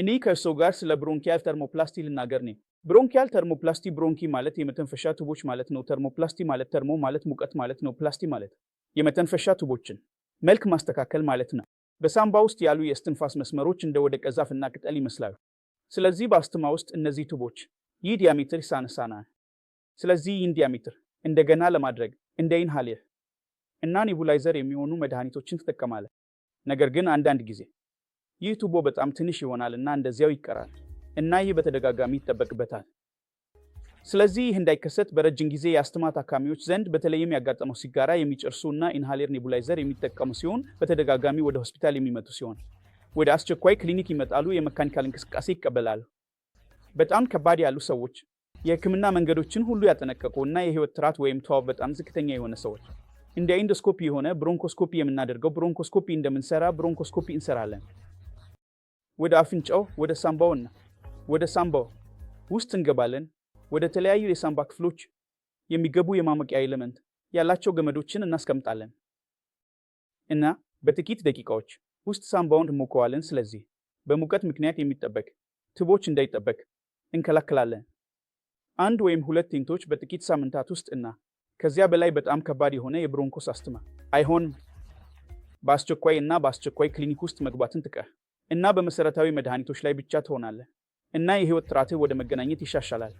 እኔ ከእርስዎ ጋር ስለ ብሮንኪያል ተርሞፕላስቲ ልናገር ነኝ። ብሮንኪያል ተርሞፕላስቲ ብሮንኪ ማለት የመተንፈሻ ቱቦች ማለት ነው። ተርሞፕላስቲ ማለት ተርሞ ማለት ሙቀት ማለት ነው። ፕላስቲ ማለት የመተንፈሻ ቱቦችን መልክ ማስተካከል ማለት ነው። በሳምባ ውስጥ ያሉ የእስትንፋስ መስመሮች እንደ ወደ ቀዛፍና ቅጠል ይመስላሉ። ስለዚህ በአስትማ ውስጥ እነዚህ ቱቦች ይህ ዲያሜትር ይሳነሳና ስለዚህ ይህን ዲያሜትር እንደገና ለማድረግ እንደ ኢንሃሌር እና ኔቡላይዘር የሚሆኑ መድኃኒቶችን ትጠቀማለ ነገር ግን አንዳንድ ጊዜ ይህ ቱቦ በጣም ትንሽ ይሆናል እና እንደዚያው ይቀራል እና ይህ በተደጋጋሚ ይጠበቅበታል። ስለዚህ ይህ እንዳይከሰት በረጅም ጊዜ የአስትማ ታካሚዎች ዘንድ በተለይም ያጋጠመው ሲጋራ የሚጨርሱ እና ኢንሃሌር ኔቡላይዘር የሚጠቀሙ ሲሆን በተደጋጋሚ ወደ ሆስፒታል የሚመጡ ሲሆን ወደ አስቸኳይ ክሊኒክ ይመጣሉ፣ የመካኒካል እንቅስቃሴ ይቀበላሉ። በጣም ከባድ ያሉ ሰዎች፣ የህክምና መንገዶችን ሁሉ ያጠነቀቁ እና የህይወት ትራት ወይም ተዋ በጣም ዝቅተኛ የሆነ ሰዎች እንደ ኢንዶስኮፒ የሆነ ብሮንኮስኮፒ የምናደርገው ብሮንኮስኮፒ እንደምንሰራ ብሮንኮስኮፒ እንሰራለን። ወደ አፍንጫው ወደ ሳምባውና ወደ ሳምባው ውስጥ እንገባለን። ወደ ተለያዩ የሳምባ ክፍሎች የሚገቡ የማሞቂያ ኤሌመንት ያላቸው ገመዶችን እናስቀምጣለን እና በጥቂት ደቂቃዎች ውስጥ ሳምባውን እንሞከዋለን። ስለዚህ በሙቀት ምክንያት የሚጠበቅ ትቦች እንዳይጠበቅ እንከላከላለን። አንድ ወይም ሁለት ቴንቶች በጥቂት ሳምንታት ውስጥ እና ከዚያ በላይ በጣም ከባድ የሆነ የብሮንኮስ አስትማ አይሆንም። በአስቸኳይ እና በአስቸኳይ ክሊኒክ ውስጥ መግባትን ጥቀህ እና በመሰረታዊ መድኃኒቶች ላይ ብቻ ትሆናለህ እና የህይወት ጥራትህ ወደ መገናኘት ይሻሻላል።